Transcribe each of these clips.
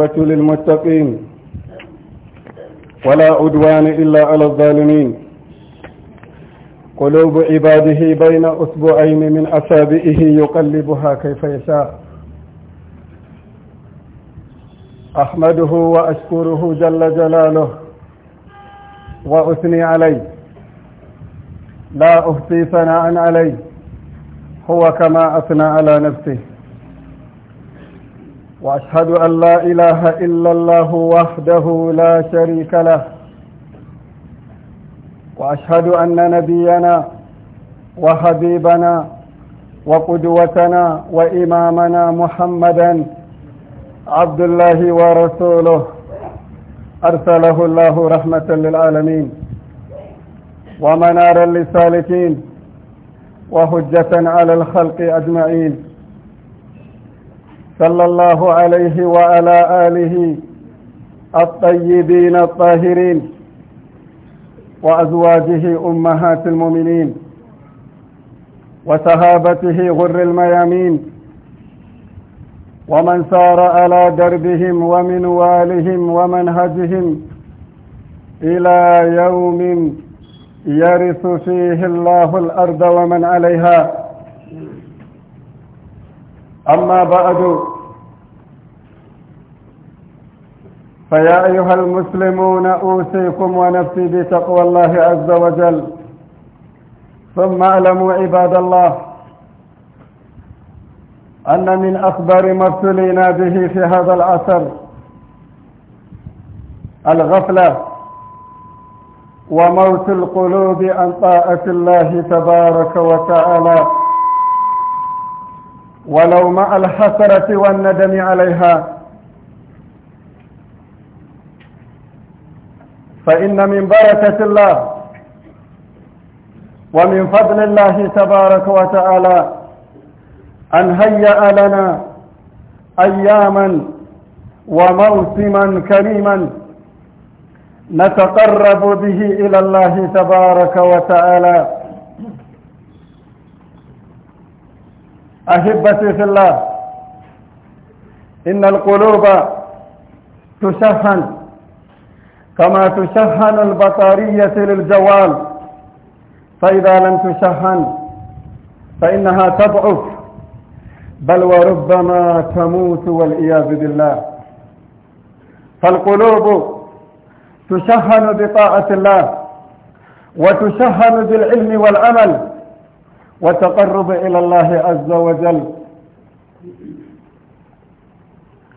عاقبة للمتقين ولا عدوان إلا على الظالمين قلوب عباده بين أسبوعين من أسابئه يقلبها كيف يشاء أحمده وأشكره جل جلاله وأثني عليه لا أهتي ثناء عليه هو كما أثنى على نفسه وأشهد أن لا إله إلا الله وحده لا شريك له وأشهد أن نبينا وحبيبنا وقدوتنا وإمامنا محمدا عبد الله ورسوله أرسله الله رحمة للعالمين ومنارا للسالكين وهجة على الخلق أجمعين صلى الله عليه وعلى آله الطيبين الطاهرين وأزواجه أمهات المؤمنين وصحابته غر الميامين ومن سار على دربهم ومنوالهم ومنهجهم إلى يوم يرث فيه الله الأرض ومن عليها أما بعد فيا أيها المسلمون أوصيكم ونفسي بتقوى الله عز وجل ثم اعلموا عباد الله أن من أخبار ما ابتلينا به في هذا العصر الغفلة وموت القلوب عن طاعة الله تبارك وتعالى ولو مع الحسرة والندم عليها فإن من بركة الله ومن فضل الله تبارك وتعالى أن هيأ لنا أياما وموسما كريما نتقرب به إلى الله تبارك وتعالى أحبتي في الله إن القلوب تشحن كما تشحن البطارية للجوال فإذا لم تشحن فإنها تضعف بل وربما تموت والعياذ بالله فالقلوب تشحن بطاعة الله وتشحن بالعلم والعمل والتقرب إلى الله عز وجل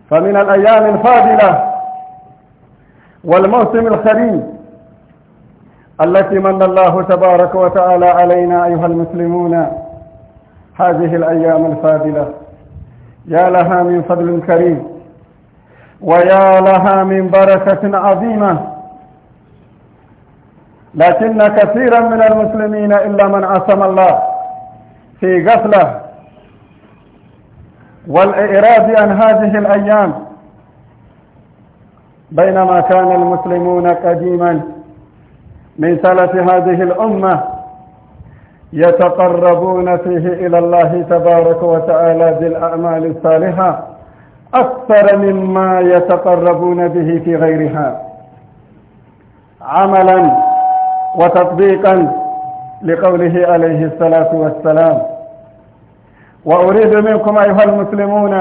فمن الأيام الفاضلة والموسم الخريف التي من الله تبارك وتعالى علينا أيها المسلمون هذه الأيام الفاضلة يا لها من فضل كريم ويا لها من بركة عظيمة لكن كثيرا من المسلمين إلا من عصم الله في غفلة والإعراض عن هذه الأيام بينما كان المسلمون قديما من سلف هذه الأمة يتقربون فيه إلى الله تبارك وتعالى بالأعمال الصالحة أكثر مما يتقربون به في غيرها عملا وتطبيقا لقوله عليه الصلاة والسلام وأريد منكم أيها المسلمون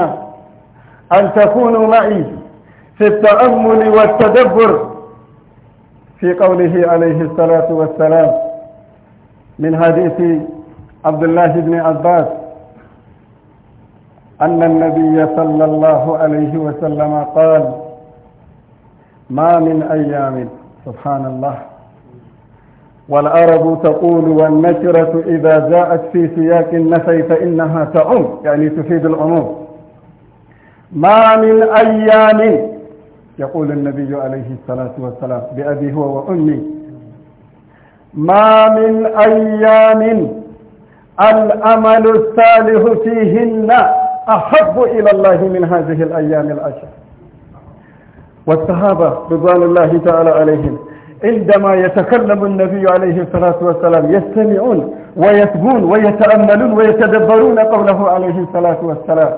أن تكونوا معي في التأمل والتدبر في قوله عليه الصلاة والسلام من حديث عبد الله بن عباس أن النبي صلى الله عليه وسلم قال ما من أيام سبحان الله والعرب تقول والنكرة إذا جاءت في سياق النفي فإنها تعم يعني تفيد العموم ما من أيام يقول النبي عليه الصلاة والسلام بأبي هو وأمي ما من أيام الأمل الصالح فيهن أحب إلى الله من هذه الأيام العشر والصحابة رضوان الله تعالى عليهم عندما يتكلم النبي عليه الصلاة والسلام يستمعون ويتبون ويتأملون ويتدبرون قوله عليه الصلاة والسلام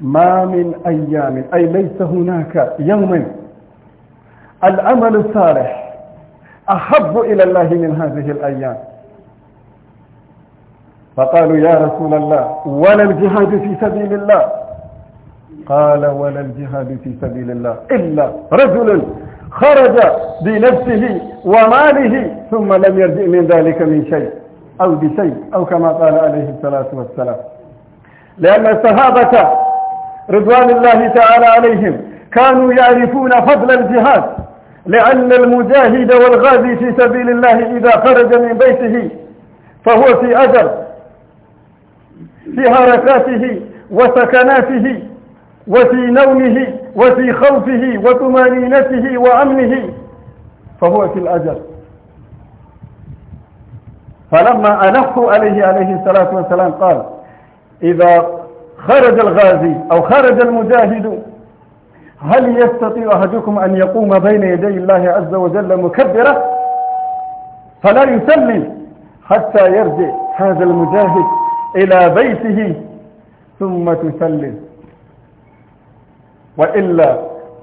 ما من أيام أي ليس هناك يوم العمل الصالح أحب إلى الله من هذه الأيام فقالوا يا رسول الله ولا الجهاد في سبيل الله قال ولا الجهاد في سبيل الله إلا رجل خرج بنفسه وماله ثم لم يرجع من ذلك من شيء أو بشيء أو كما قال عليه الصلاة والسلام لأن الصحابة رضوان الله تعالى عليهم كانوا يعرفون فضل الجهاد لأن المجاهد والغازي في سبيل الله إذا خرج من بيته فهو في أجر في حركاته وسكناته وفي نومه وفي خوفه وطمانينته وأمنه فهو في الأجر فلما أنخوا عليه عليه الصلاة والسلام قال إذا خرج الغازي أو خرج المجاهد هل يستطيع أحدكم أن يقوم بين يدي الله عز وجل مكبرة فلا يسلم حتى يرجع هذا المجاهد إلى بيته ثم تسلم وإلا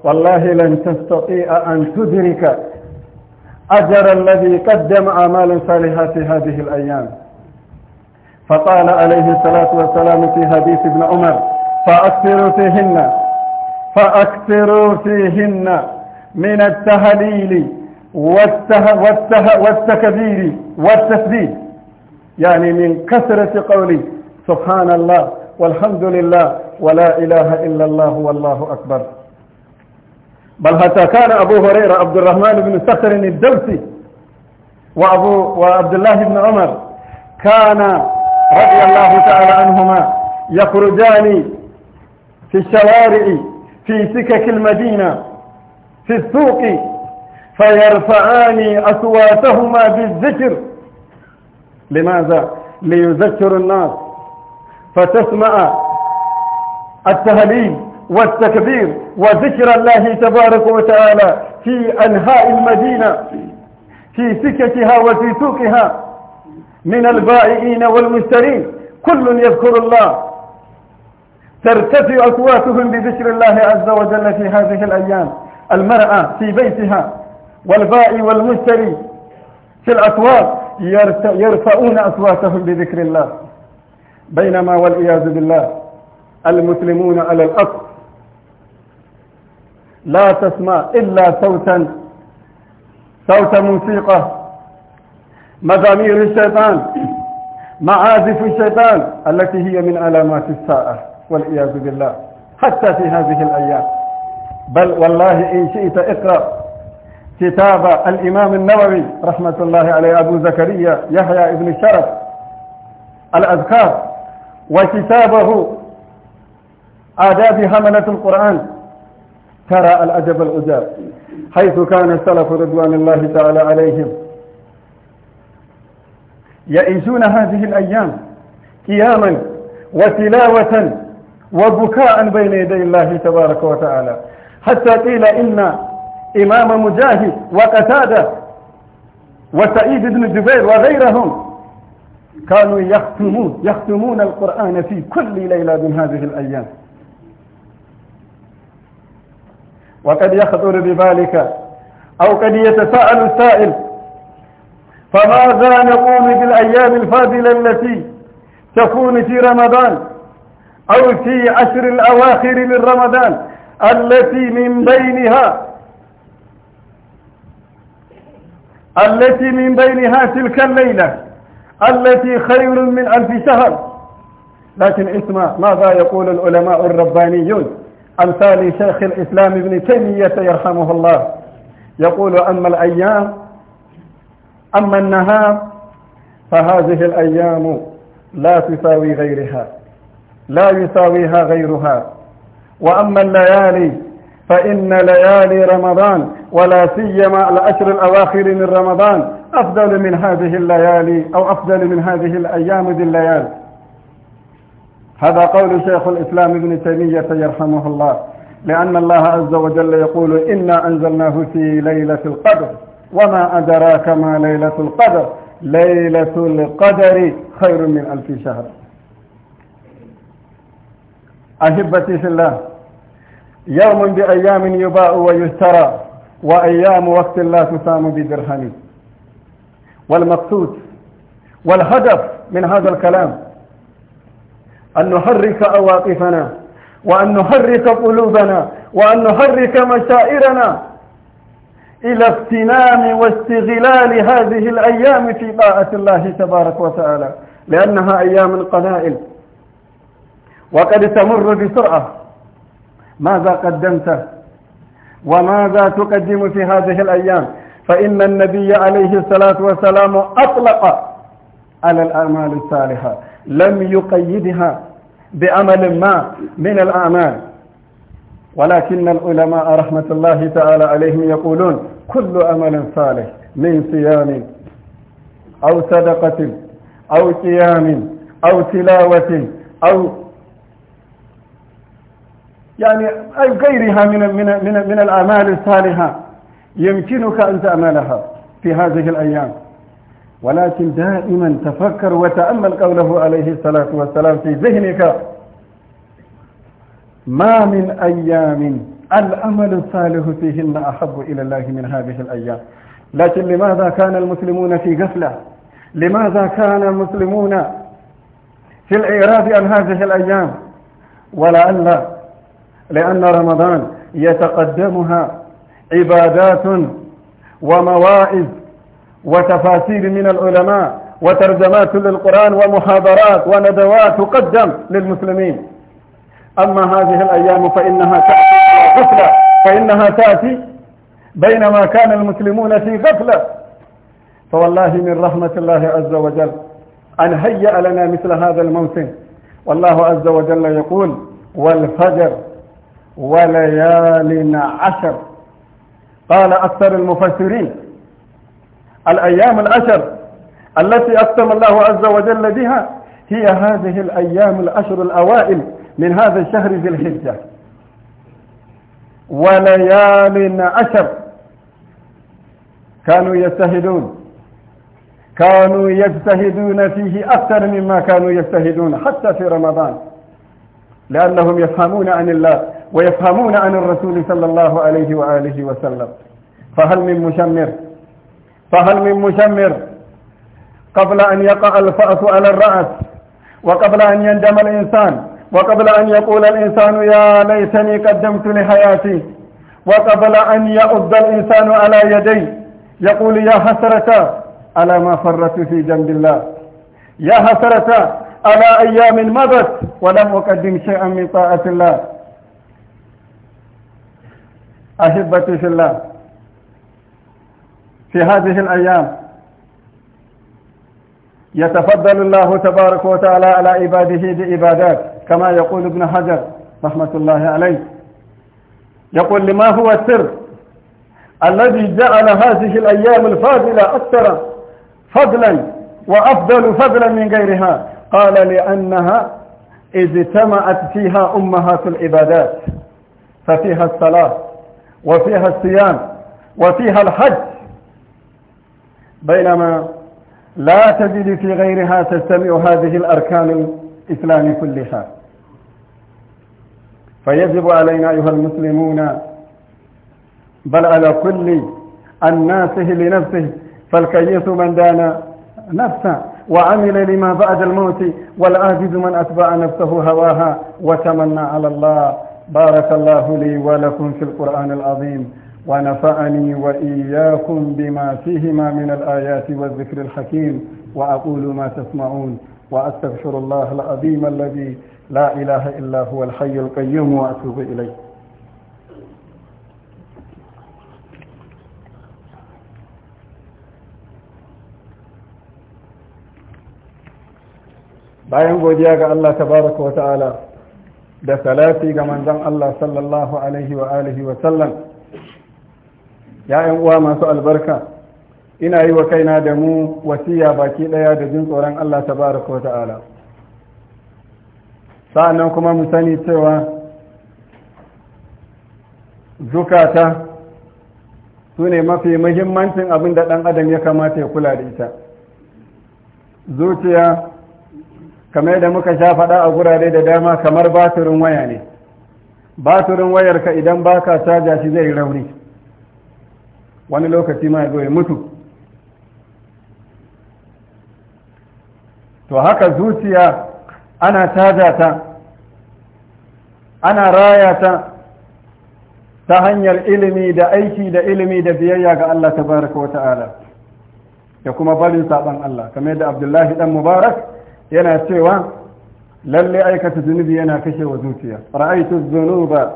والله لن تستطيع أن تدرك أجر الذي قدم أعمالا صالحة في هذه الأيام فقال عليه الصلاة والسلام في حديث ابن عمر فأكثروا فيهن فأكثروا فيهن من التهليل والته والته والتكبير والتسبيح يعني من كثرة قولي سبحان الله والحمد لله ولا إله إلا الله والله أكبر بل حتى كان أبو هريرة عبد الرحمن بن سخر الدوسي وأبو وعبد الله بن عمر كان رضي الله تعالى عنهما يخرجان في الشوارع في سكك المدينة في السوق فيرفعان أصواتهما بالذكر لماذا؟ ليذكر الناس فتسمع التهليل والتكبير وذكر الله تبارك وتعالى في أنهاء المدينة في سكتها وفي سوقها من البائعين والمشترين كل يذكر الله ترتفع أصواتهم بذكر الله عز وجل في هذه الأيام المرأة في بيتها والبائع والمشتري في الأسواق يرفعون أصواتهم بذكر الله بينما والعياذ بالله المسلمون على الأصل لا تسمع إلا صوتا صوت موسيقى مزامير الشيطان معازف الشيطان التي هي من علامات الساعة والعياذ بالله حتى في هذه الأيام بل والله إن شئت اقرأ كتاب الإمام النووي رحمة الله عليه أبو زكريا يحيى ابن الشرف الأذكار وكتابه آداب هملة القرآن ترى الأدب العجاب حيث كان السلف رضوان الله تعالى عليهم يعيشون هذه الأيام قياما وتلاوة وبكاء بين يدي الله تبارك وتعالى حتى قيل إن إمام مجاهد وقتادة وسعيد بن جبير وغيرهم كانوا يختمون يختمون القرآن في كل ليلة من هذه الأيام وقد يخطر بذلك أو قد يتساءل السائل فماذا نقوم بالأيام الفاضلة التي تكون في رمضان أو في عشر الأواخر من رمضان التي من بينها التي من بينها تلك الليلة التي خير من ألف شهر لكن اسمع ماذا يقول العلماء الربانيون أمثال شيخ الإسلام ابن تيمية يرحمه الله يقول أما الأيام أما النهار فهذه الأيام لا تساوي غيرها لا يساويها غيرها وأما الليالي فإن ليالي رمضان ولا سيما العشر الأواخر من رمضان أفضل من هذه الليالي أو أفضل من هذه الأيام الليالي هذا قول شيخ الإسلام ابن تيمية يرحمه الله لأن الله عز وجل يقول إنا أنزلناه في ليلة القدر وما أدراك ما ليلة القدر ليلة القدر خير من ألف شهر أحبتي في الله يوم بأيام يباع ويشترى وأيام وقت لا تسام بدرهم والمقصود والهدف من هذا الكلام أن نحرك أواقفنا وأن نحرك قلوبنا وأن نحرك مشاعرنا إلى اغتنام واستغلال هذه الأيام في طاعة الله تبارك وتعالى لأنها أيام قلائل وقد تمر بسرعة ماذا قدمت وماذا تقدم في هذه الأيام فإن النبي عليه الصلاة والسلام أطلق على الأعمال الصالحة لم يقيدها بعمل ما من الأعمال ولكن العلماء رحمة الله تعالى عليهم يقولون كل عمل صالح من صيام أو صدقة أو قيام أو تلاوة أو يعني غيرها من من من, من الأعمال الصالحة يمكنك أن تعملها في هذه الأيام ولكن دائما تفكر وتأمل قوله عليه الصلاة والسلام في ذهنك ما من أيام الأمل الصالح فيهن أحب إلى الله من هذه الأيام لكن لماذا كان المسلمون في غفلة لماذا كان المسلمون في الإعراب عن هذه الأيام ولعل لأن رمضان يتقدمها عبادات ومواعظ وتفاسير من العلماء وترجمات للقرآن ومحاضرات وندوات تقدم للمسلمين أما هذه الأيام فإنها تأتي غفلة فإنها تأتي بينما كان المسلمون في غفلة فوالله من رحمة الله عز وجل أن هيأ لنا مثل هذا الموسم والله عز وجل يقول والفجر وليال عشر قال أكثر المفسرين الأيام العشر التي أقسم الله عز وجل بها هي هذه الأيام العشر الأوائل من هذا الشهر ذي الحجة وليال عشر كانوا يجتهدون كانوا يجتهدون فيه أكثر مما كانوا يجتهدون حتى في رمضان لأنهم يفهمون عن الله ويفهمون عن الرسول صلى الله عليه وآله وسلم فهل من مشمر فهل من مشمر قبل أن يقع الفأس على الرأس وقبل أن يندم الإنسان وقبل أن يقول الإنسان يا ليتني قدمت لحياتي وقبل أن يؤذ الإنسان على يدي يقول يا حسرة على ما فرت في جنب الله يا حسرة على أيام مضت ولم أقدم شيئا من طاعة الله أحبتي في الله في هذه الأيام يتفضل الله تبارك وتعالى على عباده بعبادات كما يقول ابن حجر رحمة الله عليه يقول لما هو السر الذي جعل هذه الأيام الفاضلة أكثر فضلا وأفضل فضلا من غيرها قال لأنها اجتمعت فيها أمهات العبادات ففيها الصلاة وفيها الصيام وفيها الحج بينما لا تجد في غيرها تجتمع هذه الأركان الإسلام كلها فيجب علينا أيها المسلمون بل على كل الناس لنفسه فالكيس من دان نفسه وعمل لما بعد الموت والعاجز من أتبع نفسه هواها وتمنى على الله بارك الله لي ولكم في القرآن العظيم ونفعني وإياكم بما فيهما من الآيات والذكر الحكيم وأقول ما تسمعون وأستغفر الله العظيم الذي لا إله إلا هو الحي القيوم وأتوب إليه bayan godiya ga Allah tabaraka wa ta'ala da salati ga manzon Allah sallallahu alaihi wa alihi wa sallam ya uwa masu albarka ina yi wa kaina da mu wasiya baki daya da jin tsoron Allah tabaraka wa ta'ala sa'annan kuma mu sani cewa zukata su ne mafi muhimmancin abin da ɗan adam ya kamata ya kula da ita zuciya kamar da muka sha faɗa a gurare da dama kamar baturin waya ne baturin wayarka idan baka caja shi zai rauni wani lokaci ma ya mutu to haka zuciya ana caja ta ana raya ta ta hanyar ilimi da aiki da ilimi da biyayya ga Allah tabaraka wa ta'ala da kuma barin saban Allah kamar da Abdullahi dan Mubarak yana cewa lalle aikata zunubi yana kashe wa zuciya ra'aitu zunuba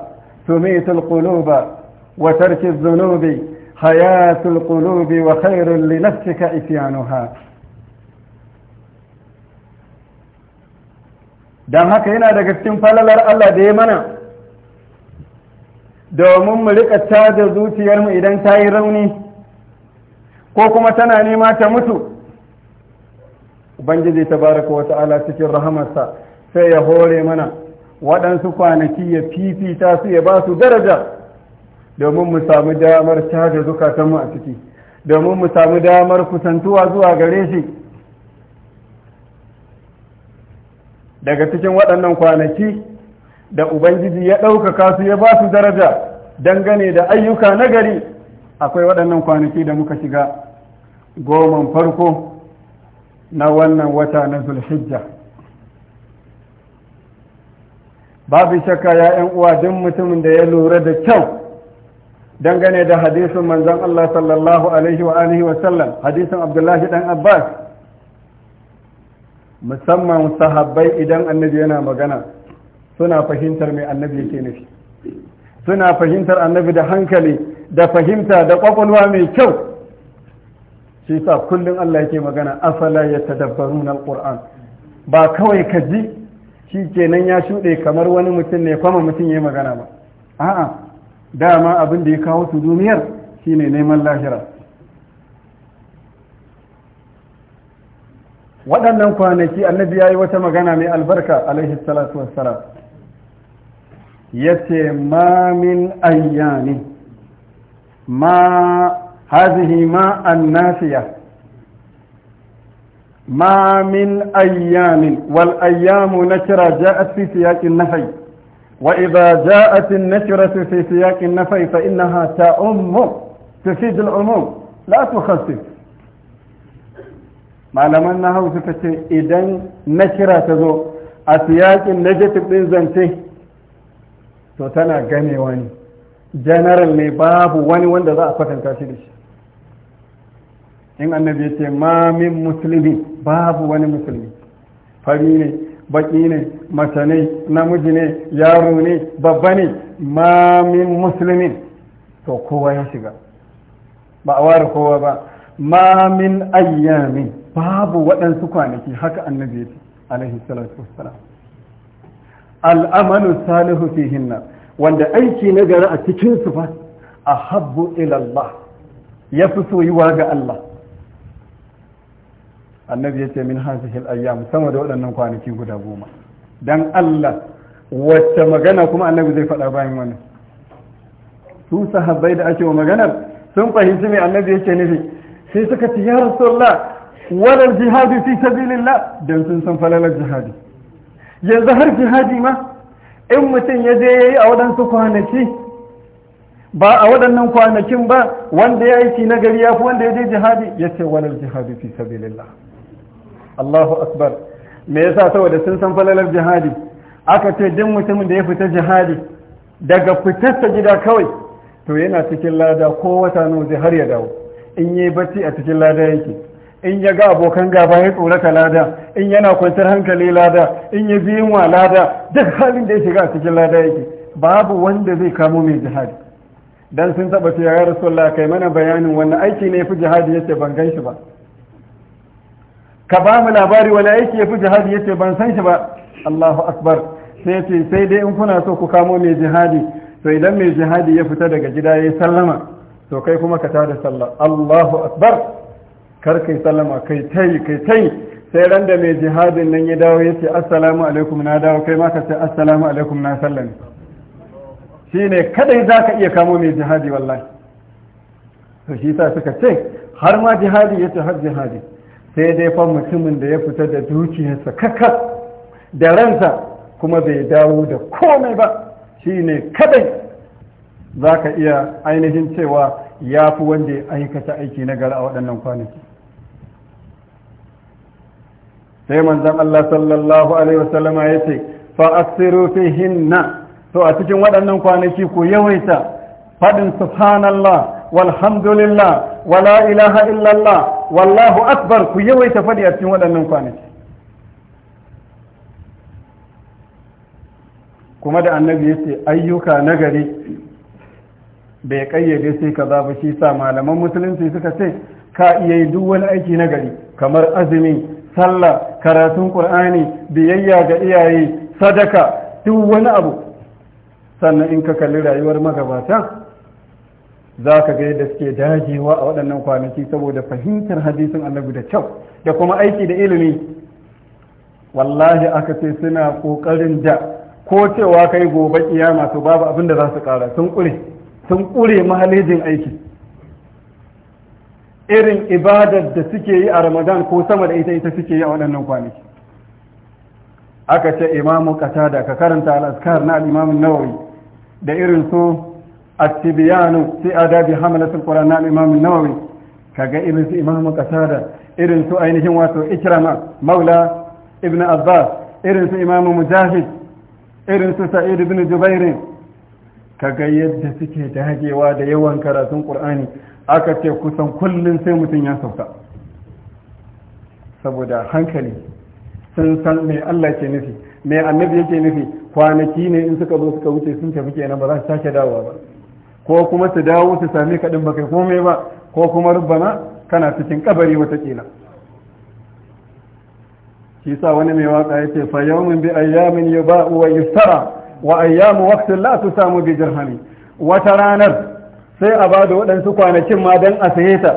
tumitul quluba wa tarki zunubi hayatul qulubi wa khairun li nafsika isyanuha dan haka yana daga cikin falalar Allah da ya mana domin mu rika caja zuciyarmu idan ta yi rauni ko kuma tana nema ta mutu ubangiji ta baraka wa ta'ala cikin rahamarsa sai ya hore mana waɗansu kwanaki ya fifita su ya ba su daraja domin mu samu damar caje zukatanmu a ciki domin mu samu damar kusantuwa zuwa gare shi daga cikin waɗannan kwanaki da ubangiji ya ɗaukaka su ya ba su daraja dangane da ayyuka na gari akwai waɗannan kwanaki da muka shiga goman farko na wannan wata na zulhijja babu shakka ya 'yan uwa duk mutumin da ya lura da kyau dangane da hadisin manzon Allah sallallahu alaihi wa alihi wa sallam hadisin Abdullahi dan Abbas musamman sahabbai idan annabi yana magana suna fahimtar mai annabi yake nufi suna fahimtar annabi da hankali da fahimta da kwakwalwa mai kyau shi sa kullum Allah yake magana afala na Al’ur’an ba kawai ka ji shi kenan ya shuɗe kamar wani mutum ne kwama mutum ya yi magana ba a'a dama abin da ya kawo su duniyar shine neman lahira waɗannan kwanaki annabi ya yi wata magana mai albarka alaihi salatu wassalam ya ce ma min ayyani ma هذه ما النافية ما من أيام والأيام نكرة جاءت في سياق النفي وإذا جاءت النكرة في سياق النفي فإنها تأم تفيد العموم لا تخفف ما لم أنها وصفت إذا نكرة تزو أسياق نجت بن زنتي تو تنا جاني واني جنرال ني باب واني وين ذا فكنت in annabi ya ma min muslimin babu wani muslimin fari ne matane ne mace babbane ne ne babba ne ma min muslimin to kowa ya shiga ba a kowa ba ma min ayyamin babu waɗansu kwanaki haka annabi ya alaihi salatu wassalam al'amalu salihu fihinna wanda aiki gara a tikinsu fa ahabbu ilallah Allah ya fi ga Allah annabi ya ce min hazihil ayyam sama da waɗannan kwanaki guda goma dan Allah wacce magana kuma annabi zai faɗa bayan wannan su sahabbai da ake wa maganar sun fahimci mai annabi yake nufi sai suka ce ya rasulullah walal jihadi fi sabilillah dan sun san falalar jihadi yanzu har jihadi ma in mutum ya je yayi a waɗansu kwanaki ba a waɗannan kwanakin ba wanda ya aiki na gari ya fi wanda ya je jihadi ya ce walal jihadi fi sabilillah Allahu akbar me yasa saboda sun san falalar jihadi aka ce duk mutumin da ya fita jihadi daga fitarsa gida kawai to yana cikin lada ko wata nawa zai har ya dawo in yi bacci a cikin lada yake in ya ga abokan gaba ya tsorata lada in yana kwantar hankali lada in ya bi yunwa lada duk halin da ya shiga a cikin lada yake babu wanda zai kamo mai jihadi dan sun taba ya rasulullah kai mana bayanin wannan aiki ne ya fi jihadi yace ban gan shi ba ka ba mu labari wani aiki ya fi jihadi ya ce ban san shi ba Allahu akbar sai ce sai dai in kuna so ku kamo mai jihadi to idan mai jihadi ya fita daga gida ya sallama to kai kuma ka tada sallah Allahu akbar kar kai sallama kai tai kai tai sai ran da mai jihadin nan ya dawo ya ce assalamu alaikum na dawo kai ma ka ce assalamu alaikum na sallame shine kadai zaka iya kamo mai jihadi wallahi to shi sa suka ce har ma jihadi yace har jihadi sai dai fa mutumin da ya fita da dukiyarsa kaka da ransa kuma bai dawo da komai ba shi ne kadai za ka iya ainihin cewa ya fi wanda ya aikata aiki na gara a waɗannan kwanaki sai manzan Allah sallallahu alaihi wasallama ya ce "Fa asiru fi hinna to a cikin waɗannan kwanaki ku yawaita faɗin subhanallah والحمد لله ولا إله wallahu akbar ku yawaita faɗi يوي تفدي أتين ودنن كوانك كما دا النبي يسي أيوكا نغري bai kayyade sai ka ba shi sa malaman musulunci suka ce ka iya yi duk wani aiki na gari kamar azumi sallah karatun qur'ani biyayya ga iyaye sadaka duk wani abu sannan in ka kalli rayuwar magabata za ka ga yadda suke dajewa a waɗannan kwanaki saboda fahimtar hadisin annabi da kyau da kuma aiki da ilimi wallahi aka ce suna ƙoƙarin da ko cewa kai gobe kiyama to babu abin da za su ƙara sun ƙure sun ƙure mahalejin aiki irin ibadar da suke yi a ramadan ko sama da ita ita suke yi a waɗannan kwanaki aka ce imamu qatada ka karanta al na al-imam nawawi da irin su التبيان في آداب حملة القرآن نعم إمام النووي كاقا إبن إمام قتادة إبن سو أينهم واتو إكرمة مولى ابن عباس إبن سو إمام مجاهد إبن سو سعيد بن جبير yadda suke dagewa da yawan karatun ƙur'ani aka ce kusan kullum sai mutum ya sauka saboda hankali sun san mai Allah ke nufi mai annabi yake nufi kwanaki ne in suka zo suka wuce sun tafi kenan ba za su sake dawowa ba ko kuma su dawo su sami kaɗin din baka komai ba ko kuma rubana kana cikin kabari watakila shi sa wani mai waka yace fa yawmin bi ayyamin yuba'u wa yuftara wa ayyamu waqtin la tusamu bi dirhami wata ranar sai a bada waɗansu kwanakin ma dan a saye ta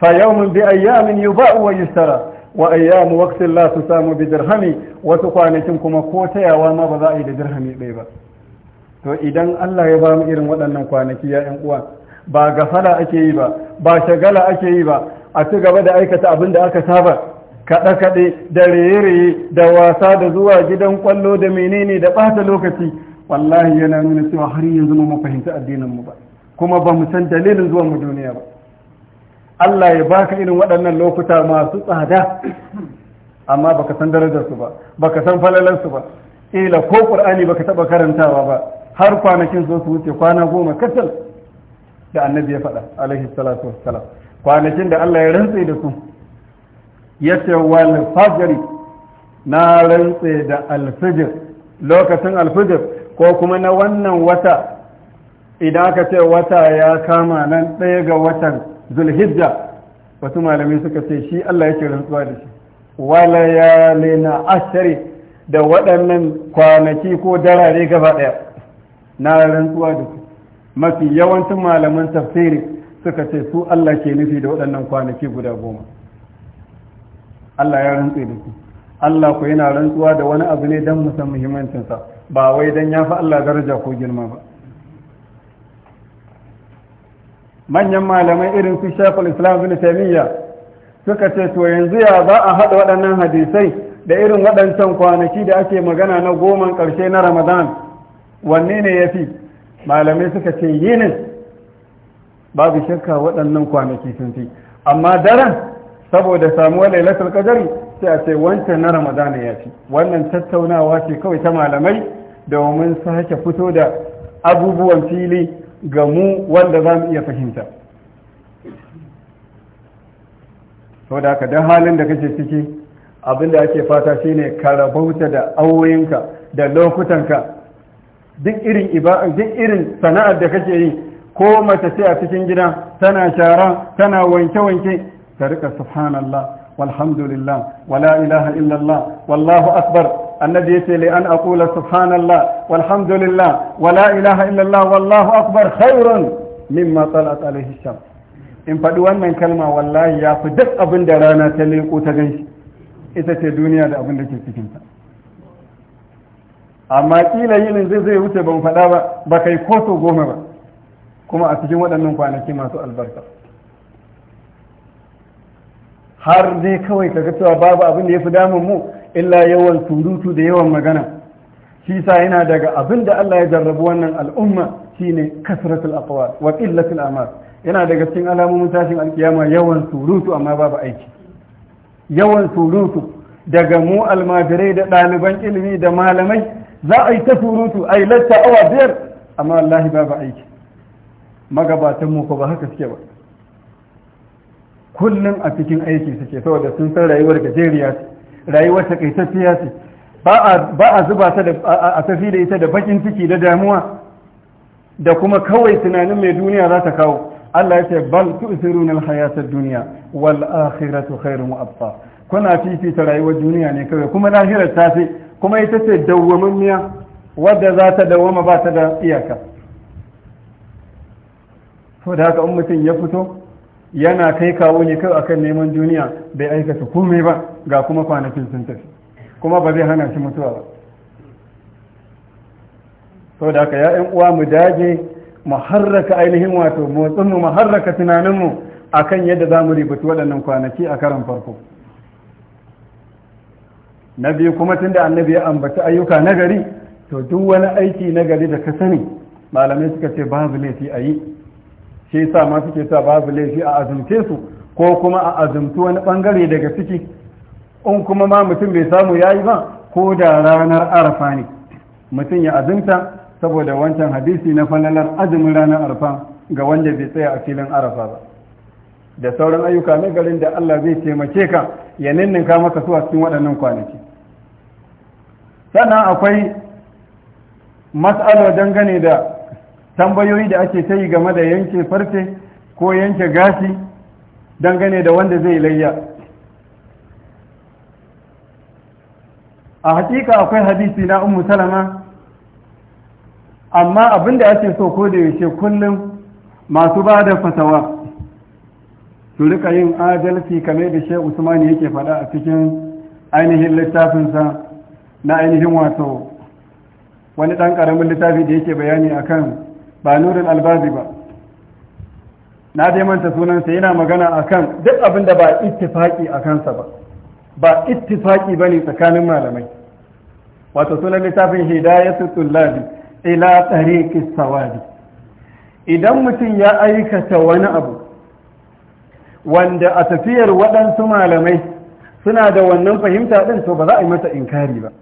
fa yawmin bi ayyamin yuba'u wa yuftara wa ayyamu waqtin la tusamu bi dirhami wasu kwanakin kuma ko tayawa ma ba za a yi da dirhami ɗaya ba to idan Allah ya ba mu irin waɗannan kwanaki ya'yan uwa ba gafala ake yi ba ba shagala ake yi ba a ci gaba da aikata abin da aka saba kaɗe kaɗe da raye-raye da wasa da zuwa gidan kwallo da menene da ɓata lokaci wallahi yana nuna cewa har yanzu mu fahimci addinin mu ba kuma ba mu san dalilin zuwa mu duniya ba Allah ya baka irin waɗannan lokuta masu tsada amma baka san darajarsu ba baka san falalarsu ba ila ko qur'ani baka taba karantawa ba har kwanakin so su wuce kwana goma kacal da annabi ya faɗa alaihi salatu wassalam kwanakin da Allah ya rantse da su ya ce wal fajr na rantse da alfijir lokacin alfijir ko kuma na wannan wata idan aka ce wata ya kama nan ɗaya ga watan zulhijja wasu malami suka ce shi Allah yake rantsuwa da shi wala ya ashari da waɗannan kwanaki ko darare gaba ɗaya na rantsuwa da su mafi yawancin malaman tafsiri suka ce su Allah ke nufi da waɗannan kwanaki guda goma Allah ya rantse da su Allah ku yana rantsuwa da wani abu ne don musan muhimmancinsa ba wai don ya fi Allah daraja ko girma ba manyan malamai irin su shafin islam bin taimiyya suka ce to yanzu ya za a haɗa waɗannan hadisai da irin waɗancan kwanaki da ake magana na goman ƙarshe na ramadan wanne ne ya fi malamai suka ce yinin babu shakka waɗannan kwanaki sun fi amma daren saboda samuwa lailatul kadari sai a ce wancan na ramadana ya fi wannan tattaunawa ce kawai ta malamai domin sake fito da abubuwan fili ga mu wanda za mu iya fahimta saboda haka don halin da kake ciki abin da ake fata shine ka rabauta da awoyinka da lokutanka duk irin duk irin sana'ar da kake yi ko mace sai a cikin gida tana shara tana wanke wanke ka rika subhanallah walhamdulillah wala ilaha illallah wallahu akbar annabi yace li an aqula subhanallah walhamdulillah wala ilaha illallah wallahu akbar khairun mimma talat alaihi shams in faɗi wannan kalma wallahi ya fi duk abin da rana ta leko ta ganshi ita ce duniya da abin da ke cikinta amma kila yinin zai zai wuce ban faɗa ba ba kai kotu goma ba kuma a cikin waɗannan kwanaki masu albarka har dai kawai kaga cewa babu abin da ya fi damun mu illa yawan surutu da yawan magana shi sa yana daga abin da Allah ya jarrabu wannan al'umma shine kasratul aqwal wa qillatul amal yana daga cikin alamomin tashin alkiyama yawan surutu amma babu aiki yawan surutu daga mu almajirai da ɗaliban ilimi da malamai za a yi ta surutu a yi latta awa biyar amma wallahi babu aiki magabatan mu ko ba haka suke ba kullum a cikin aiki suke saboda sun san rayuwar gajeriya ce rayuwar takaitacciya ce ba a zuba a tafi da ita da bakin ciki da damuwa da kuma kawai tunanin mai duniya za ta kawo Allah ya ce bal tu'siruna al-hayata dunya wal akhiratu khairun wa abqa kuna fifita rayuwar duniya ne kawai kuma lahirar ta sai kuma ita ce dawwamammiya wadda za ta dawwama ba ta da iyaka to da haka in mutum ya fito yana kai kawo ne kai akan neman duniya bai aikata komai ba ga kuma kwanakin sun tafi kuma ba zai hana shi mutuwa ba to da haka ya uwa mu dage mu harraka ainihin wato motsinmu mu harraka tunaninmu akan yadda za mu rubuta waɗannan kwanaki a karan farko na biyu kuma tunda annabi ya ambaci ayyuka na gari to duk wani aiki nagari da ka sani malamai suka ce babu laifi a yi shi sa ma suke sa babu laifi a azumce su ko kuma a azumci wani bangare daga ciki in kuma ma mutum bai samu ya yi ba ko da ranar arafa ne mutum ya azumta saboda wancan hadisi na falalar azumin ranar arafa ga wanda bai tsaya a filin arafa ba da sauran ayyuka na garin da Allah zai taimake ka ya ninninka maka su a cikin waɗannan kwanaki sannan akwai matsala dangane da tambayoyi da ake ta yi game da yanke farce ko yanke gashi dangane da wanda zai layya a hakika akwai hadisi na umu salama amma abinda ake so ko da yaushe kullum masu ba da fasawa su rika yin adalci kame da shi usmani yake faɗa a cikin ainihin littafinsa na ainihin wato wani ɗan ƙaramin littafi da yake bayani akan ba nurin albazi ba na dai manta sunansa yana magana akan duk abin da ba ittifaki a kansa ba ba ittifaki ba ne tsakanin malamai wato sunan littafin hidayatu tullabi ila tariqis sawabi idan mutum ya aikata wani abu wanda a tafiyar waɗansu malamai suna da wannan fahimta ɗin to ba za a yi masa inkari ba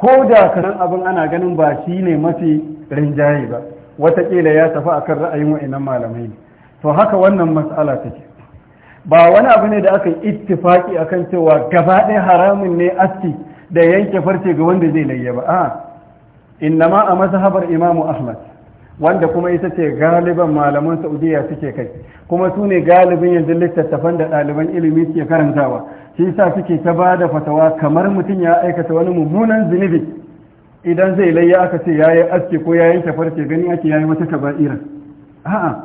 ko da kanan abin ana ganin ba shi ne mafi rinjaye ba watakila ya tafi a kan ra'ayin wa'inan malamai ne to haka wannan mas'ala take ba wani abu ne da aka yi ittifaki kan cewa gaba ɗaya haramun ne aski da yanke farce ga wanda zai layya ba a ma a mazhabar imamu ahmad wanda kuma ita ce galiban malaman saudiya suke kai kuma su ne galibin yanzu littattafan da ɗaliban ilimi suke karantawa shi sa suke ta ba da fatawa kamar mutum ya aikata wani mummunan zunubi idan zai layya aka ce ya yi aske ko ya yanke farce gani ake ya yi wata kaba'ira a'a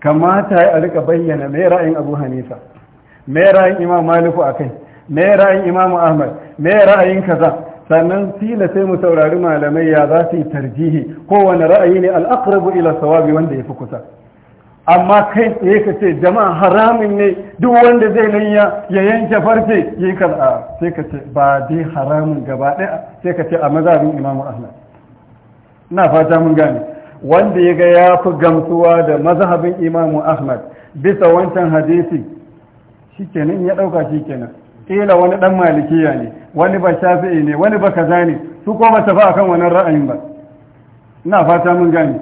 kamata ya rika bayyana mai ra'ayin abu hanifa mai ra'ayin imam maliku a kai mai ra'ayin imam ahmad mai ra'ayin kaza sannan sila sai mu saurari malamai ya za su yi tarjihi kowane ra'ayi ne alakrabu ila sawabi wanda ya fi kusa amma kai tsaye ka ce jama'a haramin ne duk wanda zai lanya ya yanke farce yi a sai ka ce ba dai haramin gaba ɗaya sai ka ce a mazhabin imamu ahmad na fata mun gane wanda ya ga ya fi gamsuwa da mazhabin imamu ahmad bisa wancan hadisi shikenan ya ɗauka shikenan kila wani dan malikiya ne wani ba shafi'i ne wani ba kaza ne su ko ba tafi akan wannan ra'ayin ba ina fata mun gane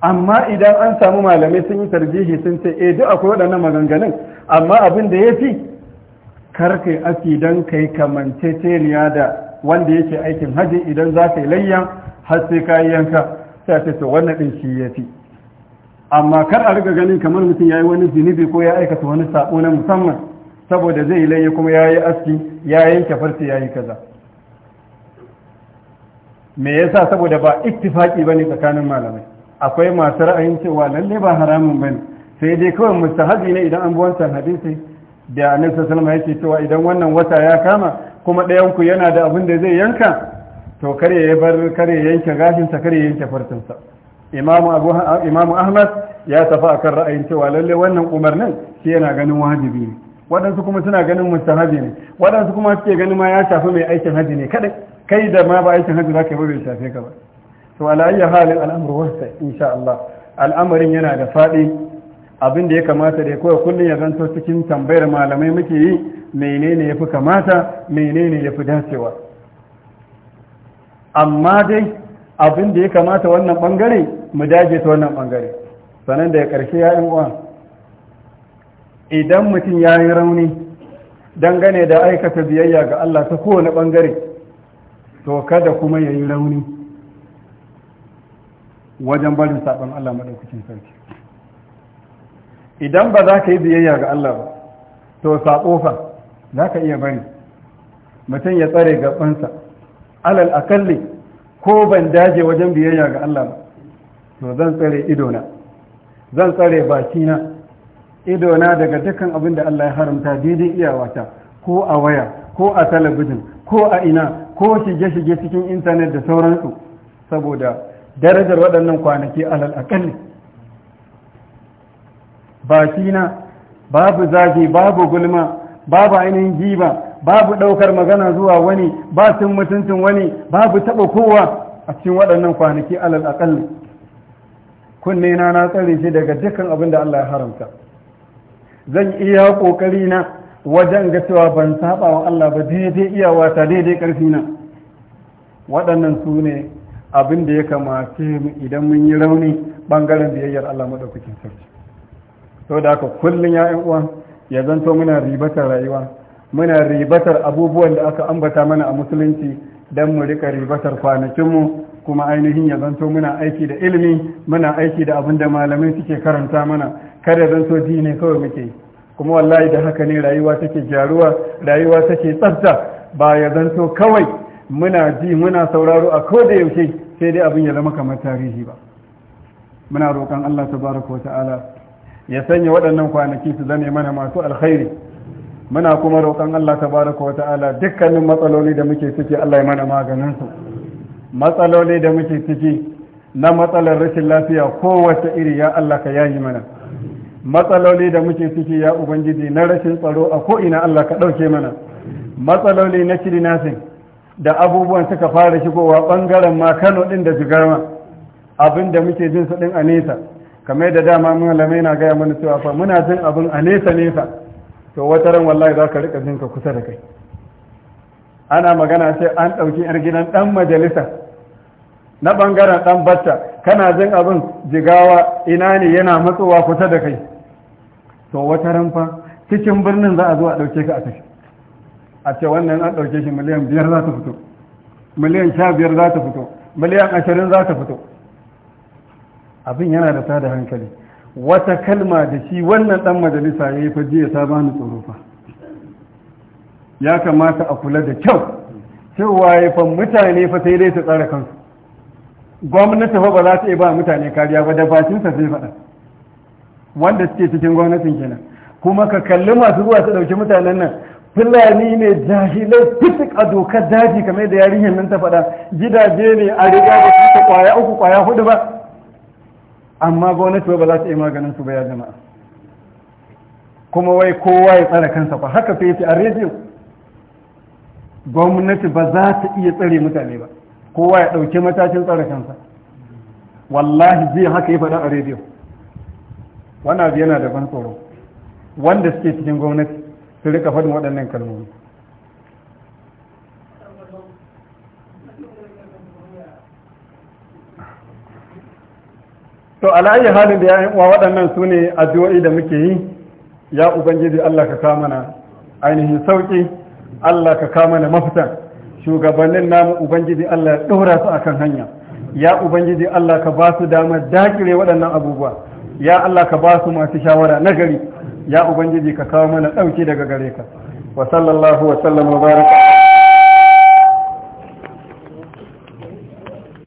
amma idan an samu malamai sun yi tarjihi sun ce eh duk akwai waɗannan maganganun amma abin da yafi kar kai aski dan kai kamanceceniya da wanda yake aikin haji idan za ka yi layya har sai ka yanka sai ce wannan din shi yafi amma kar a riga ganin kamar mutum ya yi wani zinubi ko ya aikata wani sako na musamman saboda zai laye kuma ya yi aski ya yanke farce ya yi kaza me yasa saboda ba ittifaki bane tsakanin malamai akwai masu ra'ayin cewa lalle ba haramun bane sai dai kawai mustahabi ne idan an buwan hadisi da annabi sallallahu alaihi yake cewa idan wannan wata ya kama kuma ɗayan ku yana da abin da zai yanka to kare ya bar kare yanke gashin sa kare yanke farcin sa imamu abu imamu ahmad ya tafi akan ra'ayin cewa lalle wannan umarnin shi yana ganin wajibi ne waɗansu kuma suna ganin mustahabi ne waɗansu kuma suke ganin ma ya shafi mai aikin haji ne kaɗai kai da ma ba aikin haji za ka yi bai shafe ka ba to alayya halin al'amur wasa insha Allah al'amarin yana da faɗi abin da ya kamata da kowa kullum ya zanto cikin tambayar malamai muke yi menene ya fi kamata menene ya fi dacewa amma dai abin da ya kamata wannan bangare mu dage ta wannan bangare sanan da ya ƙarshe ya uwa idan mutum ya yi rauni dangane da aikata biyayya ga Allah ta kowane ɓangare to kada kuma ya yi rauni wajen barin saɓon Allah maɗaukacin sarki idan ba za ka yi biyayya ga Allah ba to saɓo fa za ka iya bari mutum ya tsare gabansa alal akalli ko ban daje wajen biyayya ga Allah ba to zan tsare idona zan tsare bakina idona daga dukkan abin da Allah ya haramta daidai iyawata ko a waya ko a talabijin ko a ina ko shige-shige cikin intanet da sauransu saboda darajar waɗannan kwanaki alal akalli na, babu zagi babu gulma babu ainihin giba babu ɗaukar magana zuwa wani ba sun mutuncin wani babu taɓa kowa a cikin waɗannan kwanaki alal akalli kunne na na tsare shi daga dukkan abin da Allah ya haramta zan iya kokari na wajen ga cewa ban saba wa Allah ba daidai iyawa ta daidai karfi na waɗannan su ne abin da ya kamace mu idan mun yi rauni bangaren biyayyar Allah madaukakin sarki to da haka kullun ya uwa ya zanto muna ribatar rayuwa muna ribatar abubuwan da aka ambata mana a musulunci dan mu rika ribatar kwanakin mu kuma ainihin ya zanto muna aiki da ilimi muna aiki da abin da malamai suke karanta mana kada zan so ji ne kawai muke kuma wallahi da haka ne rayuwa take jaruwa rayuwa take tsafta ba ya so kawai muna ji muna sauraro a ko da yaushe sai dai abin ya zama kamar tarihi ba muna roƙon Allah tabaraka ta'ala ya sanya waɗannan kwanaki su zame mana masu alkhairi muna kuma roƙon Allah tabaraka ta'ala dukkanin matsaloli da muke ciki Allah ya mana maganin su matsaloli da muke ciki na matsalar rashin lafiya kowace iri ya Allah ka yayi mana matsaloli da muke ciki ya ubangiji na rashin tsaro a ko ina Allah ka ɗauke mana matsaloli na kirinafin da abubuwan suka fara shigowa ɓangaren ma kano ɗin da jigarma abin da muke jin su ɗin a nesa kamar da dama malamai na gaya mana cewa fa muna jin abin a nesa nesa to wata ran wallahi za ka riƙa jin ka kusa da kai ana magana sai an ɗauki 'yar gidan ɗan majalisa na ɓangaren ɗan batta kana jin abin jigawa ina ne yana matsowa kusa da kai to wata ranfa cikin birnin za a zo a ɗauke ka a tashi a ce wannan an ɗauke shi miliyan biyar za ta fito miliyan sha biyar za ta fito miliyan ashirin za ta fito abin yana da tada hankali wata kalma da shi wannan ɗan majalisa ya yi fajiya ta bani tsoro fa ya kamata a kula da kyau cewa ya fa mutane fa sai dai su tsara kansu gwamnati fa ba za ta iya ba mutane kariya ba da bakinsa sai faɗa wanda suke cikin gwamnatin kenan kuma ka kalli masu zuwa su dauki mutanen nan fulani ne jahilai fitik a dokar daji kamar da yarinyar nan ta faɗa gidaje ne a riga da su ta kwaya uku kwaya hudu ba amma gwamnati ba za ta yi maganin su ba ya jama'a kuma wai kowa ya tsara kansa ba haka sai yace a rediyo gwamnati ba za ta iya tsare mutane ba kowa ya ɗauki matakin tsara kansa wallahi zai haka ya faɗa a rediyo Wani abu yana da ban tsoro wanda suke cikin gwamnati su rika faɗin waɗannan kalmomi to ala'ayi halin da yayan uwa waɗannan su ne addu'o'i da muke yi ya ubangiji Allah ka kama ainihin sauƙi Allah ka kama mafita shugabannin namu ubangiji Allah ya ɗora su akan hanya ya ubangiji Allah ka ba su damar daƙire waɗannan abubuwa ya Allah ka ba su masu shawara na gari ya ubangiji ka kawo mana ɗauki daga gare ka wa sallallahu wa